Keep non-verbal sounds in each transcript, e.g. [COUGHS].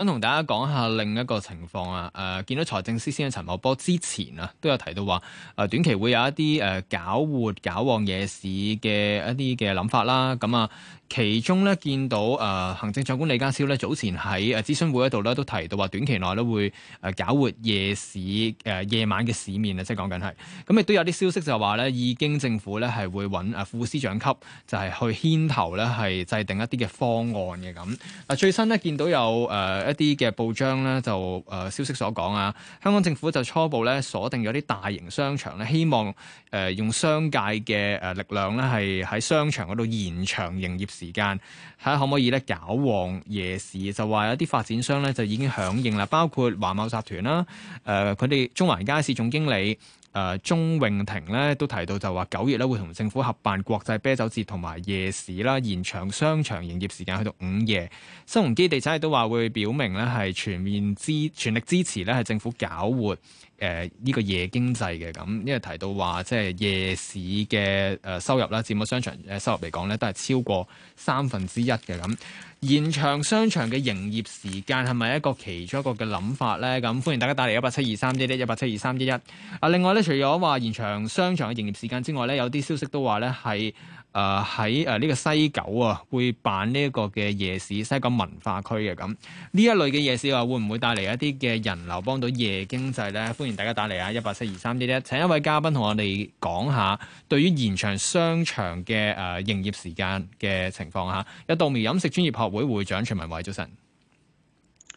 想同大家講下另一個情況啊！誒、呃，見到財政司司長陳茂波之前啊，都有提到話誒、呃、短期會有一啲誒、呃、搞活搞旺夜市嘅一啲嘅諗法啦，咁啊。其中咧見到誒、呃、行政長官李家超咧早前喺誒諮詢會一度咧都提到話短期內咧會誒搞活夜市誒、呃、夜晚嘅市面啊，即係講緊。係咁亦都有啲消息就話咧已經政府咧係會揾誒副司長級就係去牽頭咧係制定一啲嘅方案嘅。咁啊最新呢，見到有誒、呃、一啲嘅報章咧就誒、呃、消息所講啊，香港政府就初步咧鎖定咗啲大型商場咧，希望誒、呃、用商界嘅誒力量咧係喺商場嗰度延長營業市場。時間睇下可唔可以咧搞旺夜市。就話有啲發展商咧就已經響應啦，包括華懋集團啦，誒佢哋中環街市總經理誒鍾、呃、詠婷咧都提到就話九月咧會同政府合辦國際啤酒節同埋夜市啦，延長商場營業時間去到午夜。新鴻基地產亦都話會表明咧係全面支全力支持咧係政府搞活。誒呢個夜經濟嘅咁，因為提到話即係夜市嘅誒收入啦，佔咗商場嘅收入嚟講咧，都係超過三分之一嘅咁。延長商場嘅營業時間係咪一個其中一個嘅諗法咧？咁歡迎大家打嚟一八七二三一一，一八七二三一一。啊，另外咧，除咗話延長商場嘅營業時間之外咧，有啲消息都話咧係。誒喺誒呢個西九啊，會辦呢個嘅夜市、西九文化區嘅咁呢一類嘅夜市啊，會唔會帶嚟一啲嘅人流，幫到夜經濟咧？歡迎大家打嚟啊！一八四二三一一，請一位嘉賓同我哋講下，對於延長商場嘅誒營業時間嘅情況啊！有稻苗飲食專業學會會,會長徐汶緯，早晨。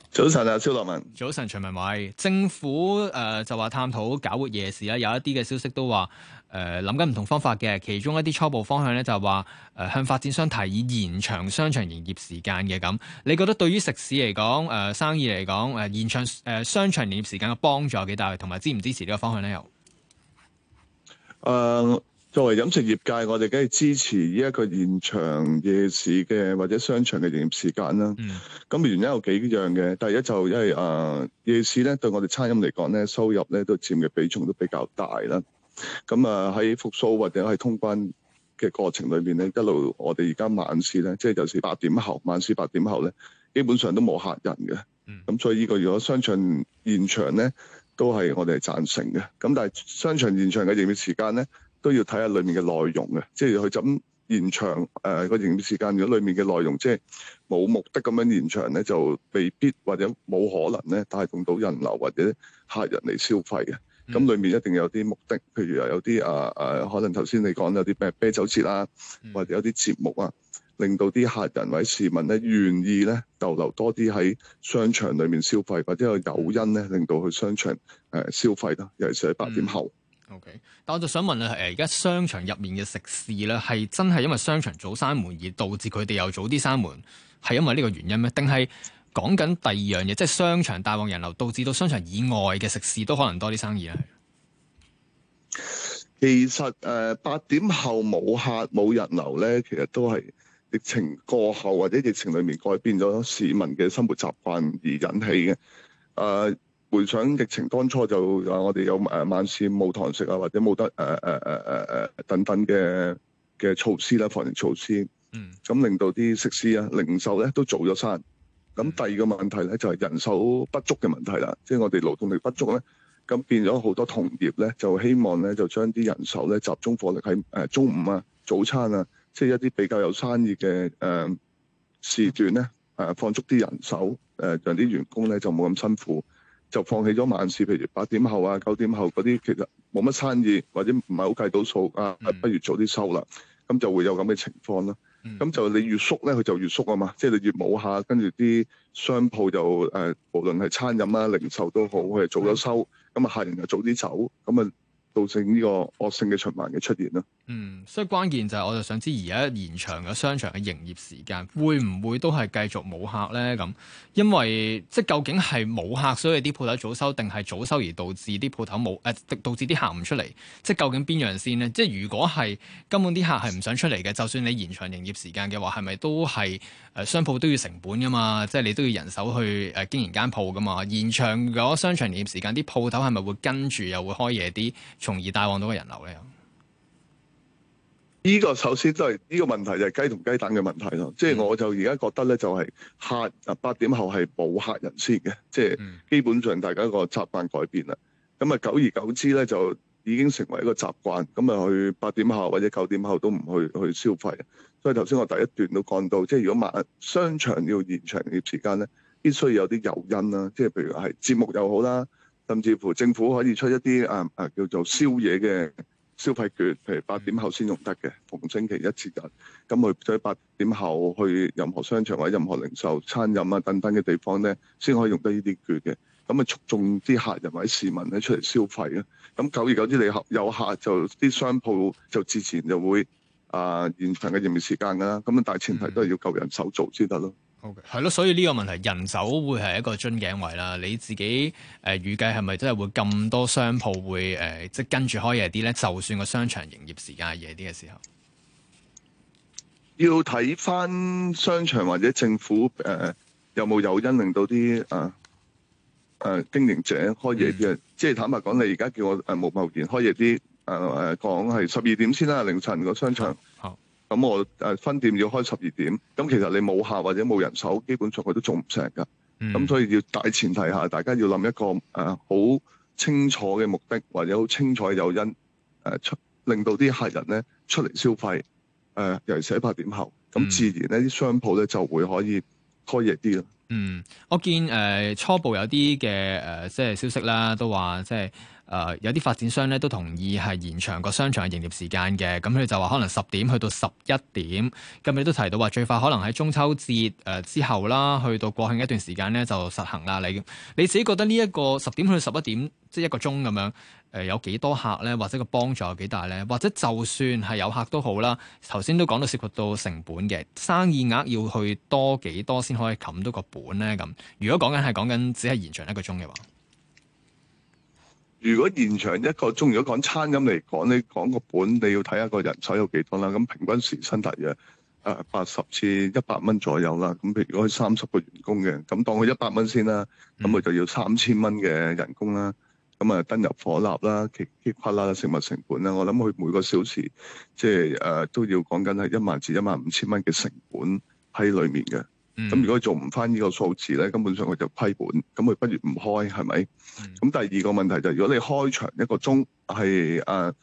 早晨啊，超樂文。早晨，徐汶緯。政府誒、呃、就話探討搞活夜市啦，有一啲嘅消息都話。誒，諗緊唔同方法嘅，其中一啲初步方向咧，就係話誒向發展商提議延長商場營業時間嘅。咁，你覺得對於食肆嚟講，誒、呃、生意嚟講，誒延長誒商場營業時間嘅幫助有幾大，同埋支唔支持呢個方向咧？又誒、呃，作為飲食業界，我哋梗係支持呢一個延長夜市嘅或者商場嘅營業時間啦。咁、嗯、原因有幾樣嘅。第一就因為誒夜市咧，對我哋餐飲嚟講咧，收入咧都佔嘅比重都比較大啦。咁啊喺復蘇或者喺通關嘅過程裏邊咧，一路我哋而家晚市咧，即係就是八點後晚市八點後咧，基本上都冇客人嘅。咁、嗯、所以呢個如果商場延長咧，都係我哋贊成嘅。咁但係商場延長嘅營業時間咧，都要睇下裏面嘅內容嘅，即係佢咁延長誒個營業時間，如果裏面嘅內容即係冇目的咁樣延長咧，就未必或者冇可能咧帶動到人流或者客人嚟消費嘅。咁裏、嗯、面一定有啲目的，譬如有啲啊，啊可能頭先你講有啲咩啤酒節啦，嗯、或者有啲節目啊，令到啲客人或者市民咧願意咧逗留多啲喺商場裏面消費，或者有誘因咧令到去商場消費啦。尤其是喺八點後。嗯、o、okay、K，但我就想問咧，誒而家商場入面嘅食肆咧，係真係因為商場早閂門而導致佢哋又早啲閂門，係因為呢個原因咩？定係？講緊第二樣嘢，即係商場大旺人流，導致到商場以外嘅食肆都可能多啲生意啦。其實，誒八點後冇客冇人流咧，其實都係疫情過後或者疫情裡面改變咗市民嘅生活習慣而引起嘅。誒、呃、回想疫情當初就話我哋有誒、呃、晚市冇堂食啊，或者冇得誒誒誒誒誒等等嘅嘅措施啦，防疫措施，嗯咁令到啲食肆啊、零售咧都早咗閂。咁第二個問題咧就係、是、人手不足嘅問題啦，即、就、係、是、我哋勞動力不足咧，咁變咗好多同業咧就希望咧就將啲人手咧集中火力喺、呃、中午啊、早餐啊，即、就、係、是、一啲比較有生意嘅誒、呃、時段咧、啊、放足啲人手誒，讓啲、呃、員工咧就冇咁辛苦，就放棄咗晚市，譬如八點後啊、九點後嗰啲其實冇乜生意或者唔係好計到數啊，不如早啲收啦，咁就會有咁嘅情況啦。咁、嗯、就你越縮咧，佢就越縮啊嘛，即、就、係、是、你越冇下，跟住啲商鋪就誒、呃，無論係餐飲啊、零售都好，佢早咗收，咁啊、嗯、客人就早啲走，咁啊造成呢個惡性嘅循環嘅出現咯。嗯，所以關鍵就係，我就想知而家延長嘅商場嘅營業時間會唔會都係繼續冇客呢？咁因為即究竟係冇客，所以啲鋪頭早收，定係早收而導致啲鋪頭冇誒，導致啲客唔出嚟？即究竟邊樣先呢？即如果係根本啲客係唔想出嚟嘅，就算你延長營業時間嘅話，係咪都係誒、呃、商鋪都要成本噶嘛？即係你都要人手去誒、呃、經營間鋪噶嘛？延長咗商場營業時間，啲鋪頭係咪會跟住又會開夜啲，從而帶旺到個人流呢？呢個首先都係呢個問題就係雞同雞蛋嘅問題咯，即係我就而家覺得咧就係客啊，八點後係冇客人先嘅，即係基本上大家個習慣改變啦。咁啊久而久之咧就已經成為一個習慣，咁啊去八點後或者九點後都唔去去消費。所以頭先我第一段都講到，即係如果晚商場要延長嘅時間咧，必須要有啲誘因啦，即係譬如係節目又好啦，甚至乎政府可以出一啲啊啊叫做宵夜嘅。消費券，譬如八點後先用得嘅，嗯、逢星期一節日，咁去喺八點後去任何商場或者任何零售、餐飲啊等等嘅地方咧，先可以用得呢啲券嘅，咁咪促進啲客人或者市民咧出嚟消費咯。咁久而久之，你有客就啲商鋪就自然就會啊延長嘅營業時間噶啦。咁啊，但係前提都係要夠人手做先得咯。嗯係咯 Okay.，所以呢個問題人手會係一個樽頸位啦。你自己誒、呃、預計係咪真係會咁多商鋪會誒即係跟住開夜啲咧？就算個商場營業時間係夜啲嘅時候，要睇翻商場或者政府誒、呃、有冇誘因令到啲啊誒經營者開夜啲、嗯、即係坦白講，你而家叫我誒、呃、無貿然開夜啲誒誒講係十二點先啦，凌晨個商場。咁我誒分店要開十二點，咁其實你冇客或者冇人手，基本上佢都做唔成㗎。咁、嗯、所以要大前提下，大家要諗一個誒好、呃、清楚嘅目的，或者好清楚嘅誘因，誒、呃、出令到啲客人咧出嚟消費，誒、呃、尤其係八點後，咁自然呢啲、嗯、商鋪咧就會可以開夜啲咯。嗯，我見誒、呃、初步有啲嘅誒即係消息啦，都話即係。誒、呃、有啲發展商咧都同意係延長個商場嘅營業時間嘅，咁佢就話可能十點去到十一點。咁你都提到話，最快可能喺中秋節、呃、之後啦，去到國慶一段時間咧就實行啦。你你自己覺得呢、就是、一個十點去到十一點，即係一個鐘咁樣、呃、有幾多客咧，或者個幫助有幾大咧？或者就算係有客都好啦，頭先都講到涉及到成本嘅生意額要去多幾多先可以冚到個本咧咁。如果講緊係講緊只係延長一個鐘嘅話。如果現場一個鐘，如果講餐飲嚟講你講個本，你要睇一個人手有幾多啦。咁平均時薪大約誒八十至一百蚊左右啦。咁譬如佢三十個員工嘅，咁當佢一百蚊先啦，咁佢就要三千蚊嘅人工啦。咁啊、嗯，3，登入火蠟啦，稀稀垮啦食物成本啦，我諗佢每個小時即係誒都要講緊係一萬至一萬五千蚊嘅成本喺裡面嘅。咁、嗯、如果做唔翻呢個數字咧，根本上佢就虧本，咁佢不如唔開，係咪？咁、嗯、第二個問題就係、是，如果你開場一個鐘係誒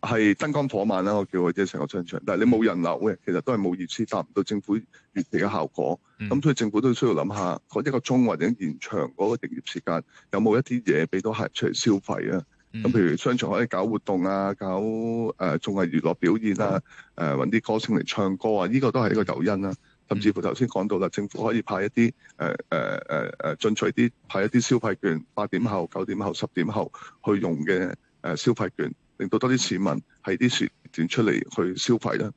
係燈光火燭啦，我叫佢即成個商場，但你冇人流嘅，嗯、其實都係冇意思，達唔到政府預期嘅效果。咁、嗯、所以政府都需要諗下，嗰一個鐘或者延長嗰個營業時間，有冇一啲嘢俾到客人出嚟消費啊？咁、嗯、譬如商場可以搞活動啊，搞誒綜藝娛樂表演啊，誒揾啲歌星嚟唱歌啊，呢、這個都係一個誘因啦、啊。嗯甚至乎頭先講到啦，政府可以派一啲誒誒誒誒進取啲，派一啲消費券，八點後、九點後、十點後去用嘅誒、呃、消費券，令到多啲市民喺啲時段出嚟去消費啦。嗯、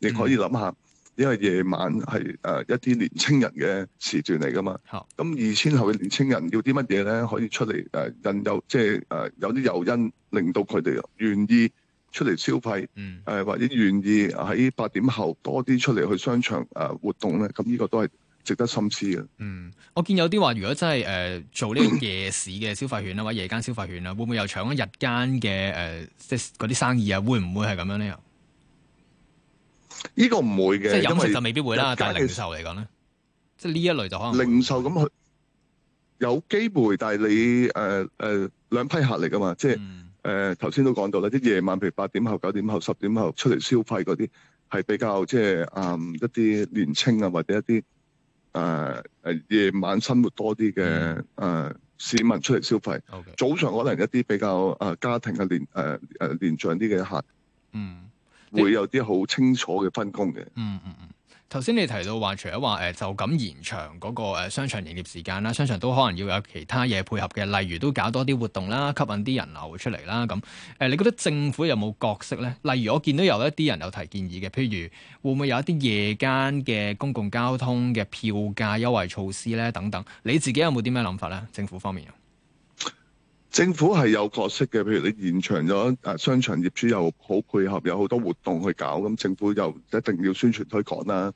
你可以諗下，因為夜晚係誒、呃、一啲年青人嘅時段嚟㗎嘛。好，咁二千後嘅年青人要啲乜嘢咧？可以出嚟誒、呃、引有，即係誒、呃、有啲誘因，令到佢哋願意。出嚟消費，誒、嗯、或者願意喺八點後多啲出嚟去商場誒活動咧，咁呢個都係值得深思嘅。嗯，我見有啲話，如果真係誒、呃、做呢個夜市嘅消費券，啊，或者夜間消費券，啊，會唔會又搶一日間嘅誒即係嗰啲生意啊？會唔會係咁樣咧？呢個唔會嘅，即係飲食就未必會啦。但係零售嚟講咧，即係呢一類就可能零售咁去，有機會，但係你誒誒、呃呃、兩批客嚟噶嘛，即係。嗯。誒，頭先、呃、都講到啦，夜晚譬如八點後、九點後、十點後出嚟消費嗰啲，係比較即係、呃、一啲年青啊，或者一啲誒誒夜晚生活多啲嘅誒市民出嚟消費。Okay. 早上可能一啲比較誒、呃、家庭嘅年誒誒年長啲嘅客嗯，嗯，會有啲好清楚嘅分工嘅。嗯嗯嗯。頭先你提到話，除咗話誒就咁延長嗰個誒商場營業時間啦，商場都可能要有其他嘢配合嘅，例如都搞多啲活動啦，吸引啲人流出嚟啦，咁誒你覺得政府有冇角色呢？例如我見到有一啲人有提建議嘅，譬如會唔會有一啲夜間嘅公共交通嘅票價優惠措施呢？等等，你自己有冇啲咩諗法呢？政府方面。政府係有角色嘅，譬如你延長咗商場業主又好配合，有好多活動去搞，咁政府又一定要宣傳推廣啦。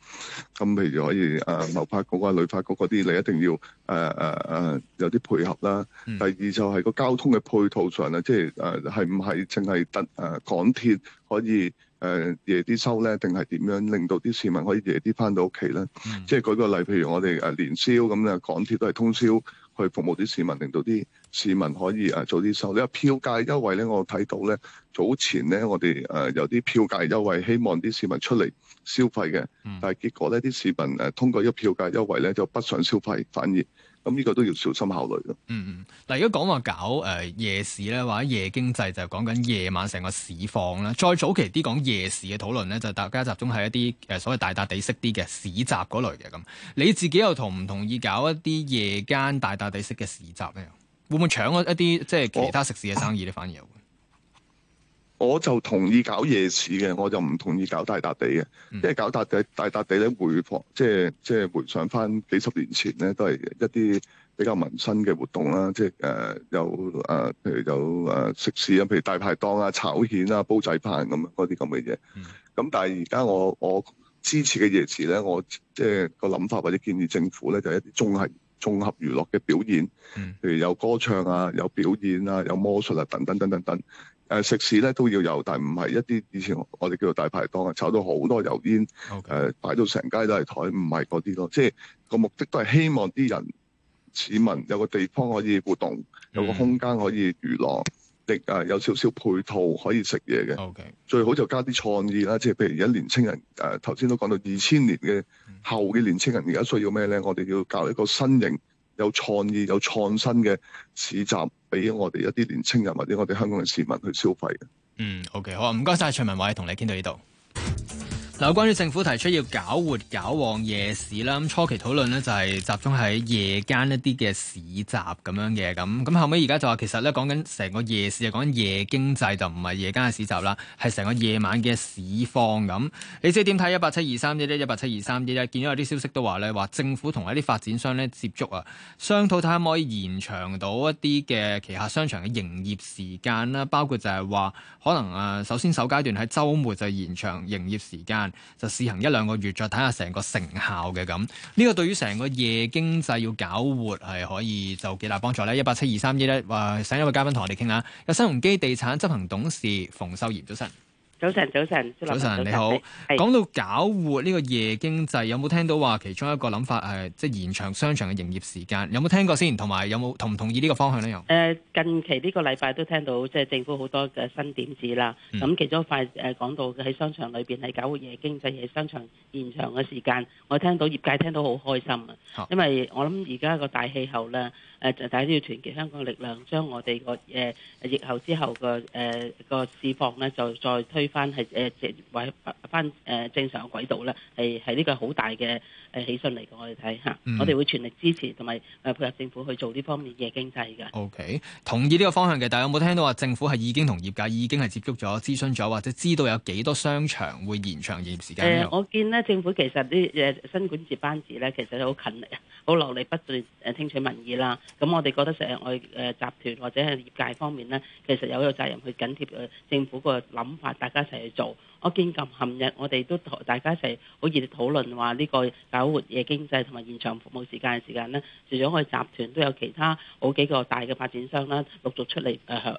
咁譬如可以誒，貿、呃、發局啊、旅發局嗰啲，你一定要誒誒有啲配合啦。嗯、第二就係個交通嘅配套上啊，即係誒係唔係淨係得誒、呃、港鐵可以誒夜啲收咧，定係點樣令到啲市民可以夜啲翻到屋企咧？嗯、即係舉個例，譬如我哋誒、呃、年宵咁啊、嗯，港鐵都係通宵。去服務啲市民，令到啲市民可以、啊、做啲收。呢個票價優惠咧，我睇到咧早前咧，我哋、啊、有啲票價優惠，希望啲市民出嚟消費嘅。嗯、但係結果咧，啲市民、啊、通過一個票價優惠咧就不想消費，反而。咁呢個都要小心考慮咯。嗯嗯，嗱，如果講話搞、呃、夜市咧，或者夜經濟，就係講緊夜晚成個市況啦。再早期啲講夜市嘅討論咧，就大家集中係一啲、呃、所謂大笪地式啲嘅市集嗰類嘅咁。你自己又同唔同意搞一啲夜間大笪地式嘅市集咧？會唔會搶一啲即係其他食肆嘅生意咧？哦、反而會？我就同意搞夜市嘅，我就唔同意搞大笪地嘅。因為、嗯、搞笪地、大笪地咧回放，即係即係回想翻幾十年前咧，都係一啲比較民生嘅活動啦。即係誒有誒，譬如有誒食肆啊，譬如大排檔啊、炒蜆啊、煲仔飯咁樣嗰啲咁嘅嘢。咁、嗯、但係而家我我支持嘅夜市咧，我即係個諗法或者建議政府咧，就係、一啲綜合綜合娛樂嘅表演，嗯、譬如有歌唱啊、有表演啊、有魔術啊等等等等等等。誒、呃、食肆咧都要有，但唔係一啲以前我哋叫做大排檔啊，炒到好多油煙，誒 Okay.、呃、擺到成街都係台，唔係嗰啲咯。即係個目的都係希望啲人市民有個地方可以活動，mm. 有個空間可以娛樂，亦、啊、有少少配套可以食嘢嘅。Okay. 最好就加啲創意啦，即係譬如而家年青人誒頭先都講到二千年嘅後嘅年青人，而、呃、家需要咩咧？我哋要教一個新型，有創意、有創新嘅市集俾我哋一啲年青人或者我哋香港嘅市民去消費嘅。嗯，OK，好啊，唔該晒。徐汶緯，同你傾到呢度。有關於政府提出要搞活搞旺夜市啦，咁初期討論呢就係集中喺夜間一啲嘅市集咁樣嘅，咁咁後尾而家就話其實呢講緊成個夜市，就講緊夜經濟，就唔係夜間嘅市集啦，係成個夜晚嘅市況咁。你即係點睇？一八七二三一一，一八七二三一一。見到有啲消息都話呢，話政府同一啲發展商呢接觸啊，商討睇下可唔可以延長到一啲嘅旗下商場嘅營業時間啦，包括就係話可能啊，首先首階段喺週末就延長營業時間。就試行一兩個月，再睇下成個成效嘅咁。呢、呢個對於成個夜經濟要搞活係可以就幾大幫助呢？一八七二三一咧，請一位嘉賓同我哋傾下。有新鴻基地產執行董事馮秀炎，早晨。早晨，早晨，早晨，早晨你好。講你到搞活呢個夜經濟，是有冇聽到話其中一個諗法係即係延長商場嘅營業時間？有冇聽過先？還有有沒有同埋有冇同唔同意呢個方向咧？又誒，近期呢個禮拜都聽到即係政府好多嘅新點子啦。咁、嗯、其中一塊誒講到喺商場裏邊係搞活夜經濟，夜商場延長嘅時間，我聽到業界聽到好開心啊。因為我諗而家一個大氣候咧。誒就大家都要團結香港力量，將我哋個誒疫後之後、呃、個誒個市況咧，就再推返係誒正位翻誒正常嘅軌道啦。係係，呢個好大嘅誒喜訊嚟嘅，我哋睇嚇，嗯、我哋會全力支持同埋誒配合政府去做呢方面嘅經濟嘅。OK，同意呢個方向嘅。大家有冇聽到話政府係已經同業界已經係接觸咗、諮詢咗，或者知道有幾多商場會延長營業時間咧、呃？我見咧政府其實啲誒新管治班子咧，其實都好勤力啊，好落力不斷誒聽取民意啦。咁我哋覺得成日我誒集團或者係業界方面咧，其實有一個責任去緊貼誒政府個諗法，大家一齊去做。我見近近日我哋都同大家一齊好熱烈討論話呢個搞活夜經濟同埋延長服務時間嘅時間咧，除咗我哋集團都有其他好幾個大嘅發展商啦，陸續出嚟誒誒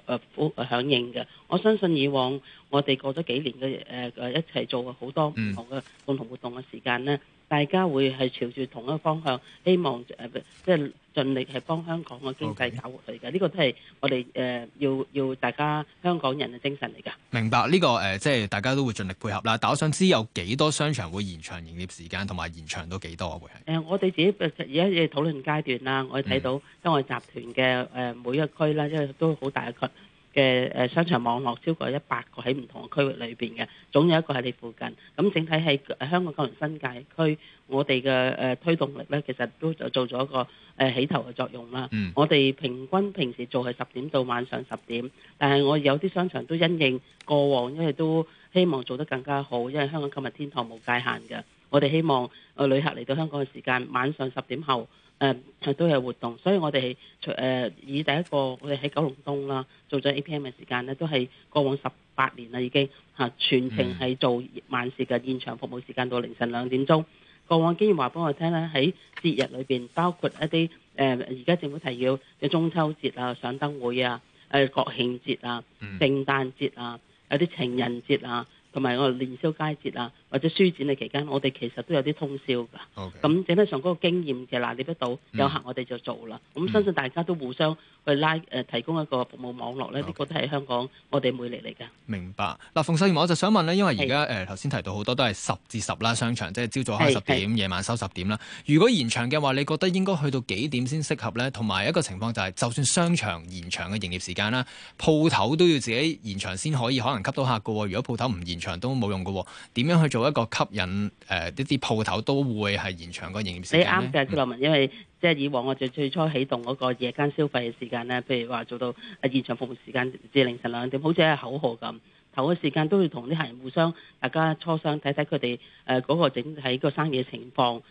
響誒響應嘅。我相信以往我哋過咗幾年嘅誒誒一齊做過好多唔同嘅共同，的同的活動嘅時間咧。大家會係朝住同一個方向，希望誒即係盡力係幫香港嘅經濟搞活佢嘅，呢 Okay. 個都係我哋誒、呃、要要大家香港人嘅精神嚟㗎。明白呢、這個誒，即、呃、係、就是、大家都會盡力配合啦。但我想知有幾多少商場會延長營業時間，同埋延長到幾多嘅、啊？誒、呃，我哋自己而家嘅討論階段啦，我哋睇到因為、嗯、集團嘅誒每一區啦，因為都好大一區。嘅商場網絡超過一百個，喺唔同嘅區域裏面嘅，總有一個喺你附近。咁整體喺香港購物新界區，我哋嘅、呃、推動力咧，其實都就做咗一個、呃、起頭嘅作用啦。嗯、我哋平均平時做係十點到晚上十點，但係我有啲商場都因應過往，因為都希望做得更加好，因為香港購物天堂冇界限嘅。我哋希望旅客嚟到香港嘅時間晚上十點後。誒係、嗯、都有活動，所以我哋除誒以第一個我哋喺九龍東啦、啊，做咗 A P M 嘅時間咧，都係過往十八年啦已經嚇、啊，全程係做晚市嘅現場服務時間到凌晨兩點鐘。過往經驗話畀我聽咧，喺節日裏邊，包括一啲誒而家政府提要嘅中秋節啊、上燈會啊、誒、啊、國慶節啊、嗯、聖誕節啊、有啲情人節啊，同埋我年宵佳節啊。或者書展嘅期間，我哋其實都有啲通宵㗎。咁 Okay.、嗯嗯、整體上嗰個經驗嘅難你得到有客，我哋就做啦。咁、嗯嗯、相信大家都互相去拉誒、呃，提供一個服務網絡咧，呢個 Okay. 都係香港我哋魅力嚟㗎。明白嗱，馮生，我我就想問咧，因為而家誒頭先提到好多都係十至十啦，商場即係朝早開十點，是是夜晚收十點啦。如果延長嘅話，你覺得應該去到幾點先適合咧？同埋一個情況就係、是，就算商場延長嘅營業時間啦，鋪頭都要自己延長先可以可能吸到客㗎喎。如果鋪頭唔延長都冇用㗎喎，點樣去？做一個吸引誒，呢啲鋪頭都會係延長個營業時間。你啱嘅，朱樂文，因為即係以往我最最初啟動嗰個夜間消費嘅時間咧，譬如話做到現場服務時間至凌晨兩點，好似係口號咁。頭嘅時間都要同啲客人互相大家磋商，睇睇佢哋誒嗰個整體個生意嘅情況。誒、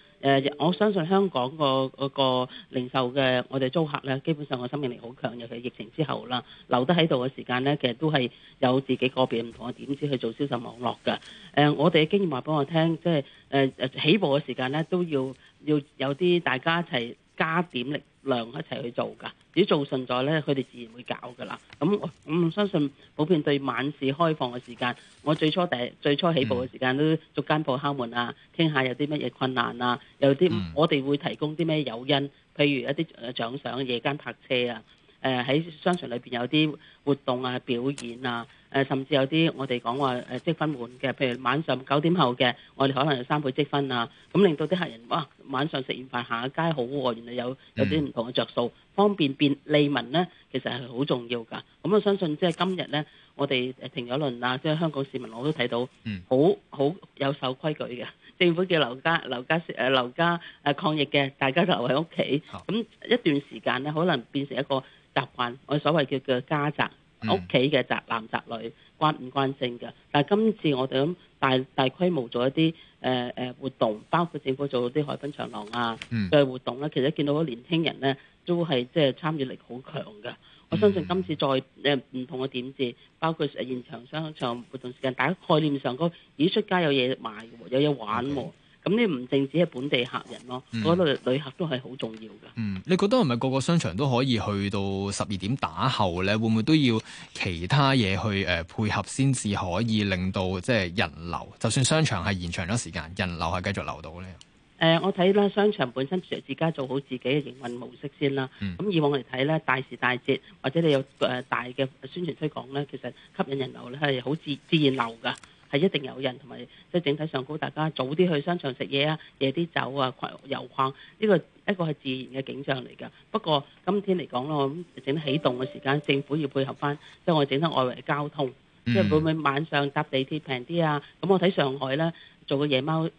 呃，我相信香港個嗰個零售嘅我哋租客咧，基本上個生命力好強。尤其疫情之後啦，留得喺度嘅時間咧，其實都係有自己個別唔同嘅點子去做銷售網絡嘅。誒、呃，我哋經驗話俾我聽，即係誒誒起步嘅時間咧，都要要有啲大家一齊加點力。量、嗯、一齊去做㗎，如果做順咗咧，佢哋自然會搞㗎啦。咁、嗯、我、嗯、相信普遍對晚市開放嘅時間，我最初第最初起步嘅時間都逐間鋪敲門啊，傾下有啲乜嘢困難啊，有啲我哋會提供啲咩誘因，譬如一啲獎賞、夜間泊車啊。誒喺、呃、商場裏面有啲活動啊、表演啊，呃、甚至有啲我哋講話誒積、呃、分換嘅，譬如晚上九點後嘅，我哋可能有三倍積分啊，咁、嗯嗯、令到啲客人哇晚上食完飯行下街好喎、啊，原來有有啲唔同嘅着數，方便便利民咧，其實係好重要㗎。咁我相信即係今日咧，我哋停咗輪啦，即係香港市民我都睇到，好好有守規矩嘅。政府叫留家留家誒留家抗疫嘅，大家都留喺屋企，咁一段時間咧可能變成一個。習慣我所謂叫叫家宅屋企嘅宅男宅女關唔關性嘅？但係今次我哋咁大大規模做一啲誒誒活動，包括政府做啲海濱長廊啊嘅、嗯、活動咧，其實見到啲年輕人咧都係即係參與力好強嘅。我相信今次再誒唔、呃、同嘅點子，包括現場商場活動時間，大家概念上高，咦出街有嘢賣，有嘢玩喎。Okay. 咁你唔淨止係本地客人咯，嗰度旅客都係好重要嘅。嗯，你覺得係咪個個商場都可以去到十二點打後咧？會唔會都要其他嘢去誒配合先至可以令到即係人流？就算商場係延長咗時間，人流係繼續流到咧？誒、呃，我睇啦，商場本身自自家做好自己嘅營運模式先啦。咁、嗯、以往嚟睇咧，大時大節或者你有誒大嘅宣傳推廣咧，其實吸引人流咧係好自自然流噶。係一定有人同埋即係整體上高，大家早啲去商場食嘢啊，夜啲走啊，逛遊逛，呢個一個係自然嘅景象嚟㗎。不過今天嚟講咯，咁整啲起動嘅時間，政府要配合翻，即係我整啲外圍交通，即係會唔會晚上搭地鐵平啲啊？咁我睇上海咧做個夜貓誒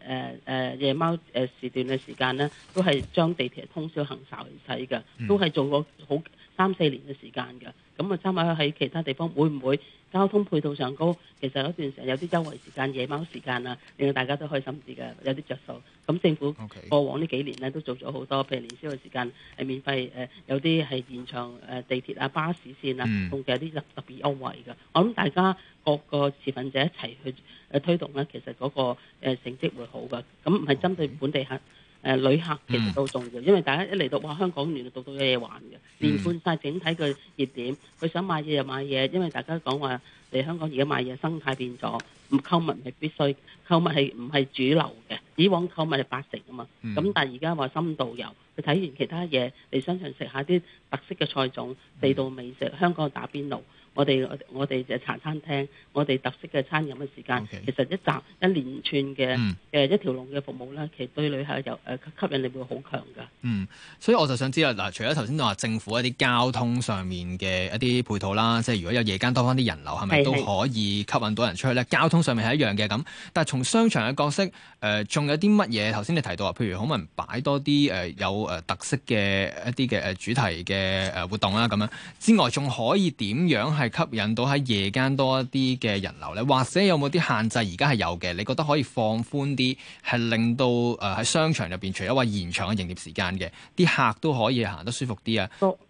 誒夜貓誒、呃、時段嘅時間咧，都係將地鐵通宵行曬一齊㗎，都係做個好。三四年嘅時間㗎，咁啊，參考下喺其他地方會唔會交通配套上高？其實嗰段時間有啲優惠時間，夜貓時間啊，令到大家都開心啲嘅，有啲着數。咁政府過往呢幾年咧都做咗好多，譬如年宵嘅時間係免費誒，有啲係延長誒地鐵啊、巴士線啊，同埋、嗯、有啲特特別優惠嘅。我諗大家各個持份者一齊去誒推動咧，其實嗰個成績會好嘅。咁唔係針對本地客。Okay. 誒、呃、旅客其實都重要，嗯、因為大家一嚟到，哇！香港原來到到有嘢玩嘅，連貫晒整體嘅熱點。佢想買嘢就買嘢，因為大家講話。香港而家買嘢生態變咗，購物唔係必須，購物係唔係主流嘅？以往購物係八成啊嘛，咁、嗯、但係而家話深度遊，去睇完其他嘢，嚟商場食下啲特色嘅菜種、地道美食。嗯、香港打邊爐、嗯，我哋我哋就茶餐廳，我哋特色嘅餐飲嘅時間，okay，其實一集一連串嘅誒、嗯、一條龍嘅服務咧，其實對旅客有誒、呃、吸引力會好強噶。嗯，所以我就想知啊，嗱，除咗頭先我話政府一啲交通上面嘅一啲配套啦，即係如果有夜間多翻啲人流，係咪？都可以吸引到人出去咧，交通上面係一樣嘅咁。但係從商場嘅角色，誒、呃、仲有啲乜嘢？頭先你提到啊，譬如可能擺多啲誒、呃、有誒特色嘅一啲嘅誒主題嘅誒活動啦，咁樣之外，仲可以點樣係吸引到喺夜間多一啲嘅人流咧？或者有冇啲限制？而家係有嘅，你覺得可以放寬啲，係令到誒喺、呃、商場入邊除咗話延長嘅營業時間嘅，啲客都可以行得舒服啲啊。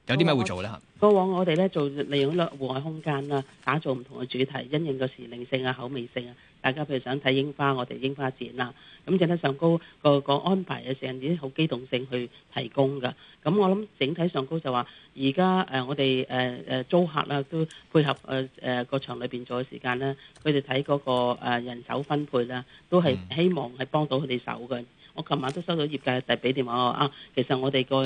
有啲咩會做咧？嚇，過往我哋咧做利用咧戶外空間啦，打造唔同嘅主題，因應個時令性啊、口味性啊，大家譬如想睇櫻花，我哋櫻花展啦，咁整體上高個，個安排嘅成日已經好機動性去提供㗎。咁我諗整體上高就話，而家、呃、我哋、呃、租客啦，都配合誒誒個場裏邊做嘅時間咧，佢哋睇嗰個、呃、人手分配啦，都係希望係幫到佢哋手嘅。嗯、我琴晚都收到業界遞俾電話我啊，其實我哋個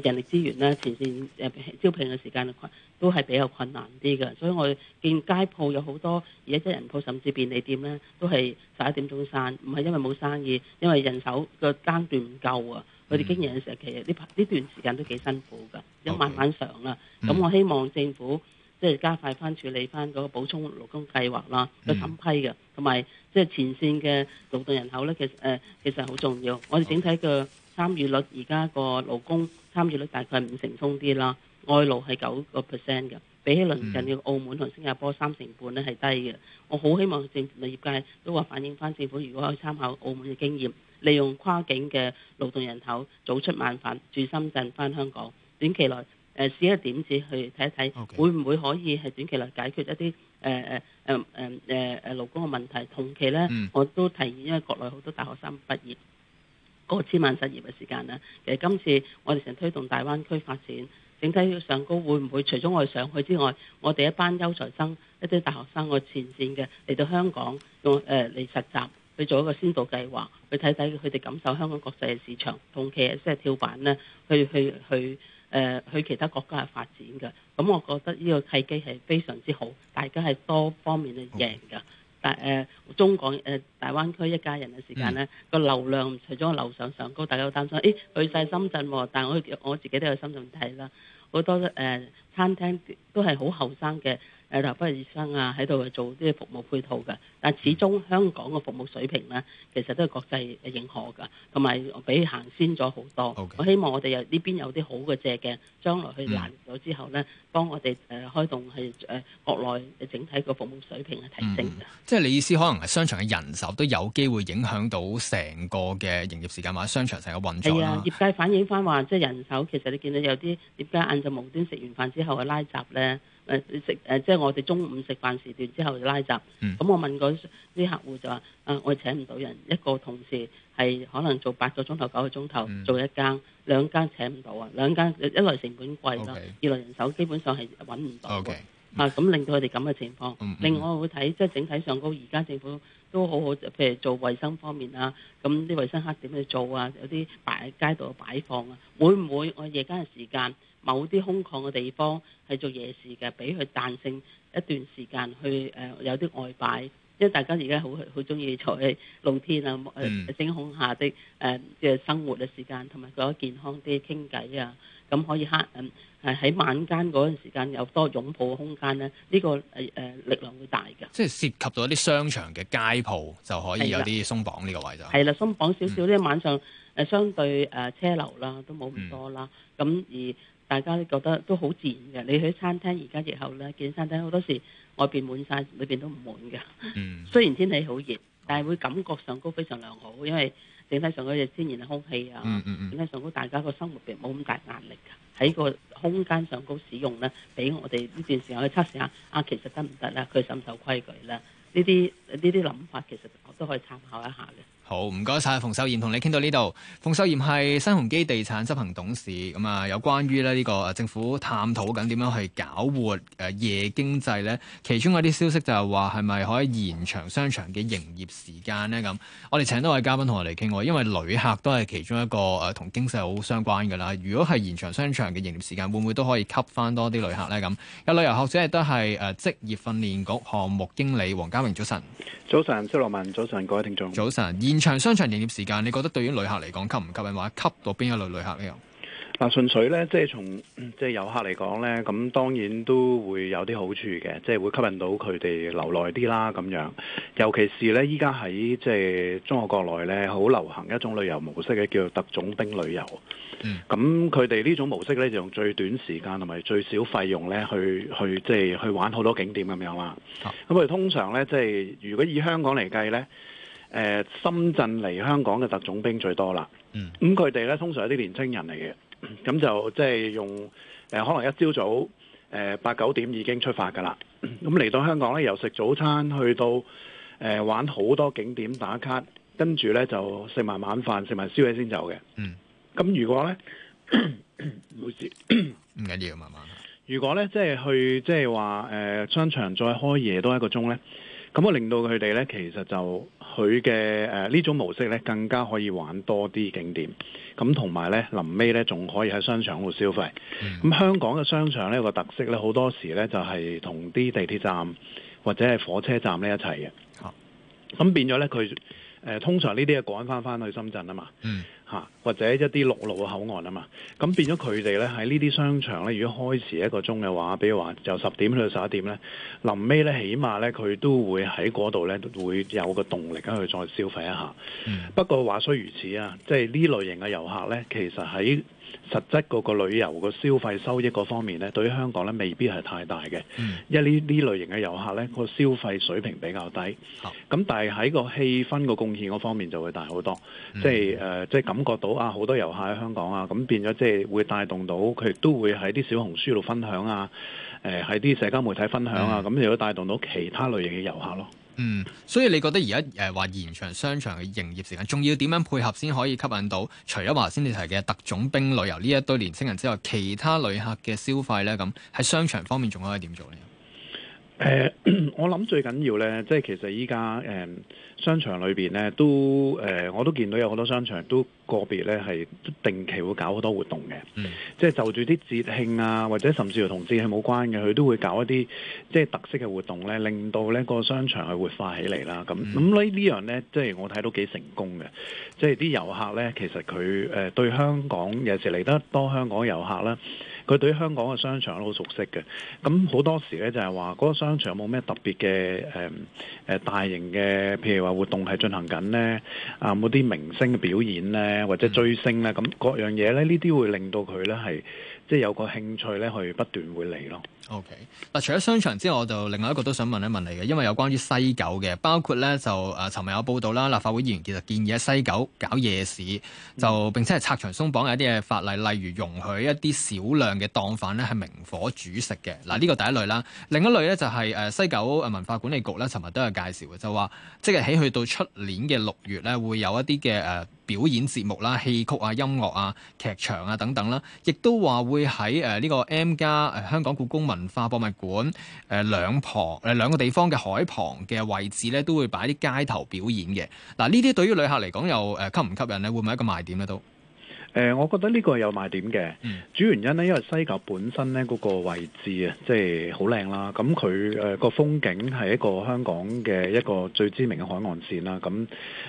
人力資源咧，前線誒招聘嘅時間嘅困都係比較困難啲嘅，所以我見街鋪有好多，而家啲人鋪甚至便利店咧，都係十一點鐘閂，唔係因為冇生意，因為人手嘅間斷唔夠啊！佢哋、mm hmm. 經營嘅時候，其實呢呢段時間都幾辛苦噶，要 Okay. 慢慢上啦。咁、mm hmm. 我希望政府即係加快翻處理翻嗰個補充勞工計劃啦，mm hmm. 去審批嘅同埋。即係前線嘅勞動人口咧，其實誒、呃、其實好重要。我哋整體嘅參與率而家個勞工參與率大概係五成鬆啲啦，外勞係九個 percent 嘅，比起鄰近嘅澳門同新加坡三成半咧係低嘅。嗯、我好希望政府業界都話反映翻政府，如果可以參考澳門嘅經驗，利用跨境嘅勞動人口早出晚返住深圳翻香港，短期內誒、呃、試一啲點子去睇一睇，會唔會可以係短期內解決一啲？誒誒誒誒誒誒勞工嘅問題，同期咧，嗯、我都提議，因為國內好多大學生畢業，過千萬失業嘅時間啦。其實今次我哋成推動大灣區發展，整體要上高，會唔會除咗我哋上去之外，我哋一班優才生、一啲大學生嘅前線嘅嚟到香港用誒嚟、呃、實習，去做一個先導計劃，去睇睇佢哋感受香港國際嘅市場。同期即係跳板咧，去去去。去誒去、呃、其他國家係發展嘅，咁、嗯、我覺得呢個契機係非常之好，大家係多方面去贏嘅。但誒、呃、中港誒、呃、大灣區一家人嘅時間咧，個、嗯、流量除咗樓上上高，大家都擔心。誒去晒深圳喎、啊，但我我自己都有深圳睇啦，好多誒、呃、餐廳都係好後生嘅。誒牙科醫生啊，喺度做啲服務配套嘅，但始終香港嘅服務水平咧，其實都係國際認可嘅，同埋比行先咗好多。Okay. 我希望我哋有呢邊有啲好嘅借鏡，將來去攔咗之後咧，幫我哋誒、呃、開動係誒、呃、國內整體個服務水平嘅提升嘅、嗯。即係你意思，可能係商場嘅人手都有機會影響到成個嘅營業時間嘛？或者商場成個運作啊，業界反映翻話，即係人手其實你見到有啲業界晏晝無端食完飯之後去拉閘咧。誒食誒，即係我哋中午食飯時段之後拉閘。咁、嗯、我問過啲客戶就話：，啊、呃，我請唔到人，一個同事係可能做八個鐘頭、九個鐘頭、嗯、做一間，兩間請唔到啊。兩間一來成本貴啦，Okay. 二來人手基本上係揾唔到。Okay. 啊，咁令到佢哋咁嘅情況。另外我會睇，即係整體上高，而家政府都好好，譬如做衞生方面啊，咁啲衞生黑點去做啊？有啲擺喺街度擺放啊，會唔會我夜間嘅時間？某啲空曠嘅地方係做夜市嘅，俾佢彈性一段時間去誒、呃、有啲外擺，因為大家而家好好中意在坐露天啊、呃、星空下的誒嘅、呃、生活嘅時間，同埋做得健康啲傾偈啊，咁可以黑誒喺晚間嗰陣時間有多擁抱嘅空間咧，呢、呢個誒誒力量會大嘅。即係涉及到啲商場嘅街鋪就可以有啲鬆綁，呢個位就係啦，鬆綁少少咧晚上。嗯誒，相對誒、呃、車流啦，都冇咁多啦。咁、嗯、而大家都覺得都好自然嘅。你去餐廳而家亦後咧，見餐廳好多時外邊滿晒，裏邊都唔滿㗎。嗯、雖然天氣好熱，但係會感覺上高非常良好，因為整體上高嘅天然嘅空氣啊，整體上高大家個生活並冇咁大壓力嘅。喺個空間上高使用咧，俾我哋呢段時間去測試下，啊，其實得唔得啦？佢守唔守規矩啦？呢啲呢啲諗法其實我都可以參考一下嘅。好，唔該晒，馮秀炎同你傾到呢度。馮秀炎係新鴻基地產執行董事，咁啊，有關於咧呢個政府探討緊點樣去搞活誒夜經濟咧，其中嗰啲消息就係話，係咪可以延長商場嘅營業時間咧？咁我哋請多位嘉賓同我哋傾喎，因爲旅客都係其中一個誒同經濟好相關㗎啦。如果係延長商場嘅營業時間，會唔會都可以吸翻多啲旅客咧？咁有旅遊學者亦都係誒職業訓練局項目經理黃家榮早晨。早晨，肖樂文，早晨，各位聽眾早晨。延長商場營業時間，你覺得對於旅客嚟講吸唔吸引？或者吸到邊一類旅客呢？嗱，純粹呢，即係從即係遊客嚟講呢，咁當然都會有啲好處嘅，即係會吸引到佢哋留耐啲啦。咁樣，尤其是呢，依家喺即係中國國內呢，好流行一種旅遊模式嘅，叫做特種兵旅遊。咁佢哋呢種模式呢，就用最短時間同埋最少費用呢，去去即係去玩好多景點咁樣啦。咁佢哋通常呢，即係如果以香港嚟計呢。誒深圳嚟香港嘅特種兵最多啦，嗯，咁佢哋咧通常係啲年青人嚟嘅，咁就即係用可能一朝早誒八九點已經出發㗎啦，咁嚟到香港咧由食早餐，去到，呃、玩好多景點打卡，跟住咧就食埋晚飯，食埋宵夜先走嘅。嗯，咁如果咧冇 [COUGHS] 事，唔緊要，慢慢。如果咧即係去即係話誒商場再開夜多一個鐘咧，咁就令到佢哋咧其實就～佢嘅誒呢種模式咧，更加可以玩多啲景點，咁同埋咧臨尾咧仲可以喺商場度消費。咁、mm hmm. 香港嘅商場咧個特色咧，好多時咧就係同啲地鐵站或者係火車站咧一齊嘅。好、ah.，咁變咗咧佢誒通常呢啲啊趕翻翻去深圳啊嘛。嗯、mm。Hmm. 嚇，或者一啲陸路嘅口岸啊嘛，咁變咗佢哋咧喺呢啲商場咧，如果開始一個鐘嘅話，比如話由十點去到十一點咧，臨尾咧起碼咧佢都會喺嗰度咧會有個動力去再消費一下。嗯、不過話雖如此啊，即係呢類型嘅遊客咧，其實喺，實質嗰個旅遊個消費收益嗰方面咧，對於香港咧未必係太大嘅，嗯、因為呢呢類型嘅遊客咧個消費水平比較低，咁、啊、但係喺個氣氛個貢獻嗰方面就會大好多，嗯、即係、呃、即係感覺到啊好多遊客喺香港啊，咁變咗即係會帶動到佢都會喺啲小紅書度分享啊，喺、呃、啲社交媒體分享啊，咁亦都帶動到其他類型嘅遊客咯。嗯，所以你覺得而家誒，話延長商場嘅營業時間，仲要點樣配合先可以吸引到除咗頭先你提嘅特種兵旅遊呢一堆年輕人之外，其他旅客嘅消費咧？咁喺商場方面仲可以點做咧？誒、呃，我諗最緊要呢，即係其實依家誒商場裏邊呢，都、呃、誒我都見到有好多商場都個別呢係定期會搞好多活動嘅，即係、嗯、就住啲節慶啊，或者甚至乎同節慶係冇關嘅，佢都會搞一啲即係特色嘅活動呢，令到呢個商場係活化起嚟啦。咁咁呢呢樣呢，即、就、係、是、我睇到幾成功嘅，即係啲遊客呢，其實佢誒、呃、對香港有時嚟得多香港遊客啦。佢對香港嘅商場都好熟悉嘅，咁好多時咧就係話嗰個商場有冇咩特別嘅誒誒大型嘅，譬如話活動係進行緊咧，啊冇啲明星嘅表演咧，或者追星咧，咁各樣嘢咧，呢啲會令到佢咧係即係有個興趣咧，去不斷會嚟咯。OK，嗱，除咗商場之外，我就另外一個都想問一問你嘅，因為有關於西九嘅，包括咧就誒，呃、尋日有報道啦，立法會議員其實建議喺西九搞夜市，就、嗯、並且係拆牆鬆綁嘅一啲嘅法例，例如容許一啲少量嘅檔販呢係明火煮食嘅，嗱呢、這個第一類啦，另一類咧就係、是、誒、呃、西九文化管理局咧，尋日都有介紹嘅，就話即係喺去到出年嘅六月咧，會有一啲嘅誒表演節目啦、戲曲啊、音樂啊、劇場啊等等啦，亦都話會喺誒呢個 M 加、呃、香港故宮文文化博物館誒兩旁誒兩個地方嘅海旁嘅位置咧，都會擺啲街頭表演嘅。嗱，呢啲對於旅客嚟講，又誒吸唔吸引呢？會唔會係一個賣點咧？都？誒、呃，我覺得呢個有賣點嘅，嗯、主要原因呢因為西九本身呢嗰、那個位置啊，即係好靚啦。咁佢誒個風景係一個香港嘅一個最知名嘅海岸線啦。咁誒、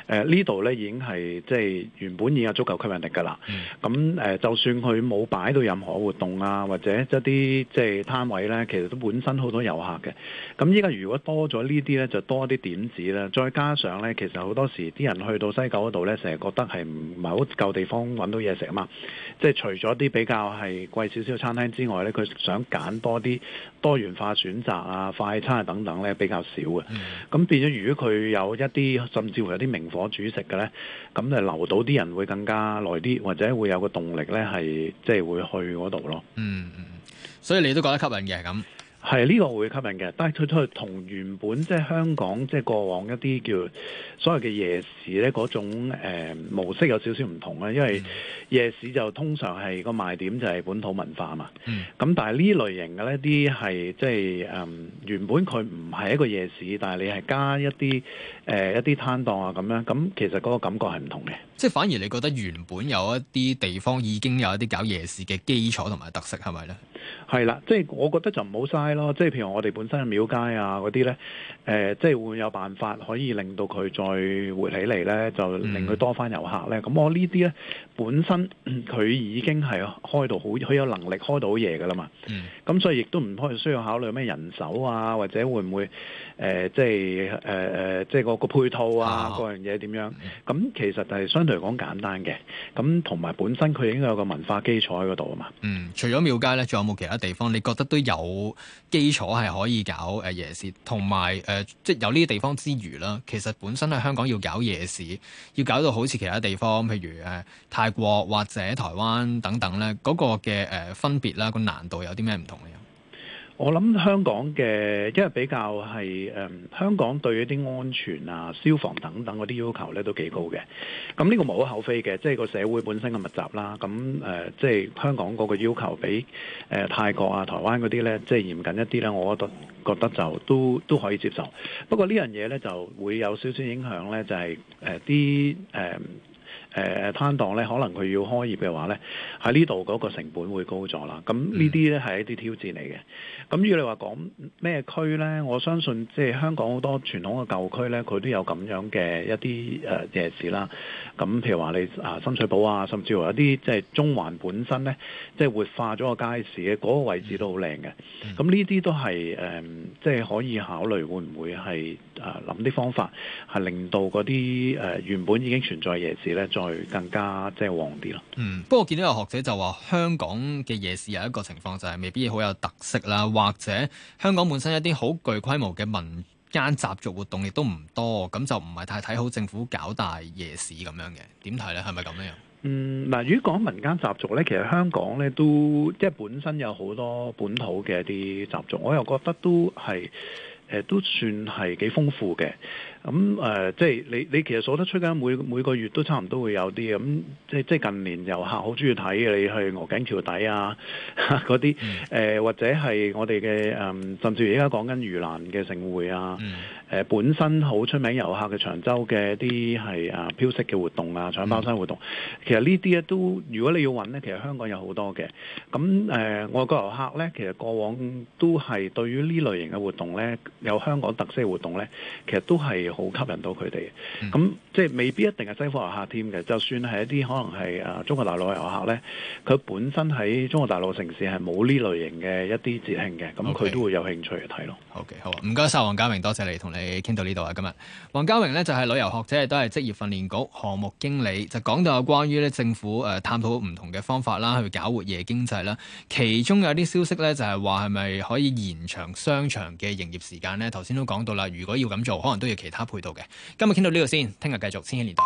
呃、呢度呢已經係即係原本已經有足夠吸引力噶啦。咁誒、嗯呃，就算佢冇擺到任何活動啊，或者一啲即係攤位呢，其實都本身好多遊客嘅。咁依家如果多咗呢啲呢，就多啲點子啦。再加上呢，其實好多時啲人去到西九嗰度呢，成日覺得係唔係好舊地方揾到嘢。食啊嘛，即係除咗啲比較係貴少少餐廳之外呢，佢想揀多啲多元化選擇啊，快餐啊等等呢比較少嘅。咁、嗯、變咗，如果佢有一啲甚至乎有啲明火煮食嘅呢，咁就留到啲人會更加耐啲，或者會有個動力呢係即係會去嗰度咯。嗯，所以你都覺得吸引嘅咁。係呢，呢個會吸引嘅，但係佢都係同原本即係、就是、香港即係、就是、過往一啲叫所謂嘅夜市咧嗰種誒、呃、模式有少少唔同啊，因為夜市就通常係、個賣點就係本土文化啊嘛。咁、嗯、但係呢類型嘅呢啲係即係誒原本佢唔係一個夜市，但係你係加一啲誒、呃、一啲攤檔啊咁樣，咁其實嗰個感覺係唔同嘅。即係反而你覺得原本有一啲地方已經有一啲搞夜市嘅基礎同埋特色係咪咧？是不是呢？係啦，即係我覺得就唔好嘥咯，即係譬如我哋本身廟街啊嗰啲呢，誒、呃，即係會唔會有辦法可以令到佢再活起嚟呢？就令佢多翻遊客呢。咁、嗯、我呢啲呢，本身佢已經係開到好，佢有能力開到嘢噶啦嘛。咁、嗯、所以亦都唔可能需要考慮咩人手啊，或者會唔會誒、呃，即係誒誒，即係個配套啊，各樣嘢點樣？咁、嗯、其實係相對嚟講簡單嘅。咁同埋本身佢應該有個文化基礎喺嗰度啊嘛。嗯、除咗廟街呢，仲有冇？其他地方你覺得都有基礎，係可以搞誒夜市，同埋、呃、即係有呢啲地方之餘啦。其實本身喺香港要搞夜市，要搞到好似其他地方，譬如誒、呃、泰國或者台灣等等咧，嗰、個嘅、呃、分別啦，個難度有啲咩唔同咧？我諗香港嘅，因為比較係、嗯、香港對於一啲安全啊、消防等等嗰啲要求咧都幾高嘅。咁、嗯、呢、個無可厚非嘅，即係個社會本身嘅密集啦。咁、嗯呃、即係香港嗰個要求比、呃、泰國啊、台灣嗰啲咧，即係嚴謹一啲咧。我覺得覺得就都都可以接受。不過呢樣嘢咧就會有少少影響咧，就係、是、啲、呃呃誒攤檔咧，可能佢要開業嘅話咧，喺呢度嗰個成本會高咗啦。咁呢啲咧係一啲挑戰嚟嘅。咁如果你話講咩區咧，我相信即係香港好多傳統嘅舊區咧，佢都有咁樣嘅一啲誒夜市啦。咁譬如話你啊深水埗啊，甚至話一啲即係中環本身咧，即係活化咗個街市嘅嗰個位置都好靚嘅。咁呢啲都係誒，即係可以考慮會唔會係？誒諗啲方法係令到嗰啲誒原本已經存在嘅夜市咧，再更加即係旺啲咯。嗯，不過見到有學者就話，香港嘅夜市有一個情況就係未必好有特色啦，或者香港本身一啲好具規模嘅民間習俗活動亦都唔多，咁就唔係太睇好政府搞大夜市咁樣嘅。點睇咧？係咪咁樣？嗯，嗱，如果講民間習俗咧，其實香港咧都即係本身有好多本土嘅一啲習俗，我又覺得都係。誒都算係幾豐富嘅。咁誒、呃，即係你你其實所數得出嘅，每每個月都差唔多會有啲咁即即係近年遊客好中意睇，你去鵝頸橋底啊，嗰啲、mm. 呃、或者係我哋嘅、嗯、甚至而家講緊盂蘭嘅盛會啊、mm. 呃，本身好出名遊客嘅長洲嘅啲係啊飄色嘅活動啊，搶包山活動，mm. 其實呢啲咧都如果你要揾咧，其實香港有好多嘅。咁誒，外、呃、國遊客咧，其實過往都係對於呢類型嘅活動咧，有香港特色嘅活動咧，其實都係。好吸引到佢哋，咁、嗯、即係未必一定係西方遊客添嘅。就算係一啲可能係啊中國大陸遊客咧，佢本身喺中國大陸城市係冇呢類型嘅一啲節慶嘅，咁佢 Okay. 都會有興趣去睇咯。好嘅，好啊，唔該晒，黃家榮，多謝你同你傾到呢度啊，今日黃家榮呢，就係、是、旅遊學者，都係職業訓練局項目經理，就講到有關於咧政府誒探討唔同嘅方法啦，去搞活夜經濟啦。其中有啲消息咧就係話係咪可以延長商場嘅營業時間呢？頭先都講到啦，如果要咁做，可能都要其他。配套嘅，今日傾到呢度先，聽日繼續《千禧年代》。